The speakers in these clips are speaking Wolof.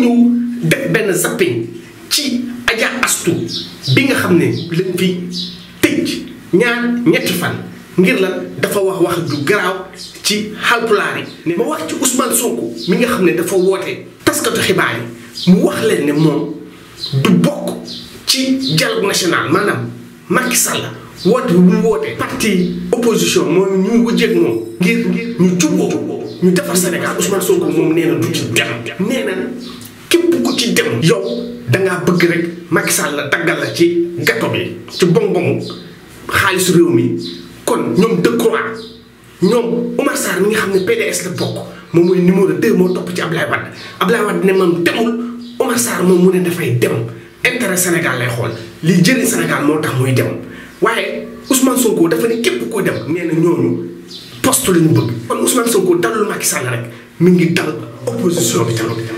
ñëw def benn zapping ci Adja nga xam ne lañ fi tëj ñaar ñetti fan dafa wax wax ju garaaw ci Haalpulaar yi. ma wax ci Ousmane mi nga xam ne dafa woote taskatu xibaar yi mu wax leen moom du bokk ci dialogue national maanaam Macky Sall woote bu mu woote. parti opposition moom ñu ko jég moom. ngir ngir ñu jubóo ñu defar Sénégal Ousmane Sonko moom nee na du ci dem. nee na. ku ci dem yow dangaa bëgg rek Macky Sall la daggal la ci gato bi ci bonbon xaalisu réew mi kon ñoom Decroix ñoom Omar Sarr mi nga xam ne PDS la bokk moom mooy numéro 2 moo topp ci Ablaye Wade Ablaye Wade ne man demul Omar Sarr moom mu ne dafay dem intérêt senegal lay xool li jëriñ Sénégal moo tax muy dem waaye Ousmane Sonko dafa ne képp koo dem nee na ñooñu poste la ñu bëgg kon Ousmane Sonko dalul Macky Sall rek mi ngi dal opposition bi tamit.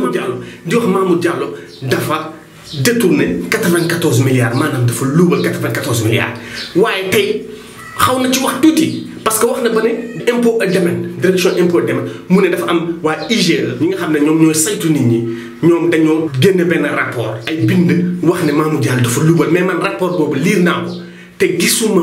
Mamour Diallo di wax Mamour Diallo dafa détourné 94 milliards maanaam dafa luubal 94 milliards waaye tey xaw na ci wax tuuti parce que wax na ba ne impôt ak domaine direction impôt domaine mu ne dafa am waa IGE ñi nga xam ne ñoom ñooy saytu nit ñi ñoom dañoo génne benn rapport ay bind wax ne Mamour Diallo dafa luubal mais man rapport boobu liir naa ko te gisuma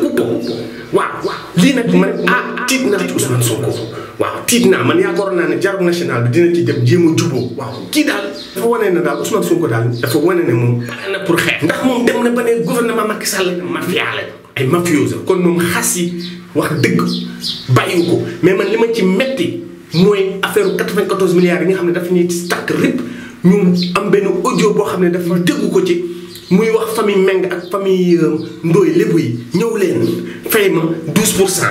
ko bëgg waaw lii nag man ah tiit naa ci Ousmane Sonko waaw tiit naa man yaakaaroon naa ne dialogue national bi dina ci dem jéem a juboo waaw kii daal dafa wane daal Ousmane Sonko daal dafa wane ne moom pare na pour xeex ndax moom dem na ba ne gouvernement Macky Sall mafia la ay mafiosa kon moom xas yi wax dëgg bàyyiwu ko mais man li ma ci metti mooy affaire 94 milliards yi ñu xam ne dafa ñuy stakk rip ñu am benn audio boo xam ne dafa déggu ko ci muy wax famille Meng ak famille euh, Ndoye lépp yi ñëw leen fay ma douze pour cent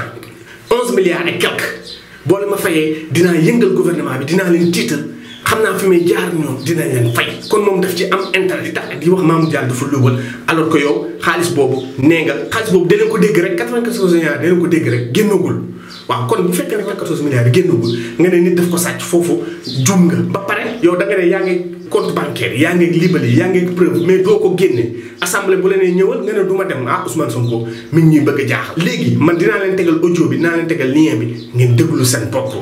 onze milliards et quelque boole ma fayee dinaa yëngal gouvernement bi dinaa leen tiital xam naa fi may jaar ñoom dinañ leen fay. kon moom daf ci am intérêt di tax di wax Mamour Diallo dafa luubal alors que yow xaalis boobu nee nga xaalis boobu danañ ko dégg rek quatre-vingt-quatorze milliards danañ ko dégg rek génnagul. waaw kon bu fekkee ne quatorze milliards yi génnagul nga ne nit daf ko sàcc foofu jum nga ba pare yow da nga yaa ngi compte bancaire yaa ngi libali yaa ngi preuve mais doo ko génne assemblée bu leenee ñëwal nga ne du ma dem ah Ousmane Sonko mi ngi ñuy bëgg jaaxal. léegi man dinaa leen tegal audio bi dinaa leen tegal lien bi ngeen déglu seen bopp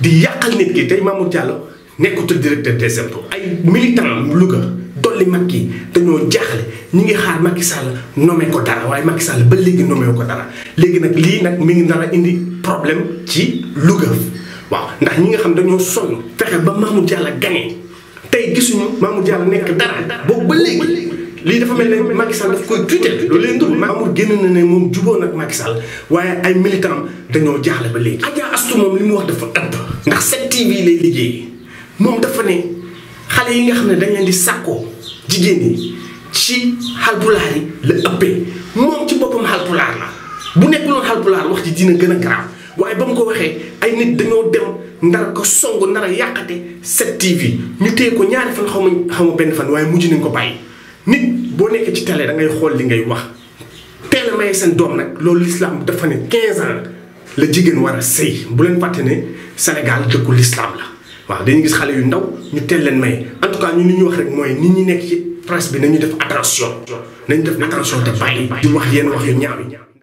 di yàqal nit ki tey Mamour Diallo nekkut directeur des impôts ay militant Louga. dolli Macky dañoo jaaxle ñi ngi xaar Macky Sall nommé ko dara waaye Macky Sall ba léegi nommé ko dara léegi nag lii nag mi ngi nar a indi problème ci Louga waaw ndax ñi ngi xam dañoo sonn fexe ba Mamour Diallo gagné tey gisuñu Mamour Diallo nekk dara boobu ba léegi lii dafa mel ne Macky Sall daf koy tuuteel loolu leen dul Mamour génn na ne moom jubóo nag Macky Sall waaye ay militant dañoo jaaxle ba léegi Adja Astou moom li mu wax dafa ëpp ndax 7TV lay liggéey moom dafa ne xale yi nga xam ne dañ leen di sàkkoo jigéen ñi ci xalpulaar yi la ëppee moom ci boppam xalpulaar la bu nekkuloon xalpulaar wax ji dina gën a garaaw waaye ba mu ko waxee ay nit dañoo dem ndara ko song a yàqate 7TV ñu téye ko ñaari fan xaw ma xaw ma benn fan waaye mujj nañ ko bàyyi nit boo nekkee ci télé da ngay xool li ngay wax teel a seen doom nag loolu lislaam dafa ne 15 ans la jigéen war a sëy bu leen fàtte ne Sénégal dëkku lislaam la waaw dañu gis xale yu ndaw ñu teel leen may en tout cas ñu wax rek mooy nit ñi nekk ci presse bi nañu def attention nañu def attention te bàyyi di wax yenn wax yu ñaaw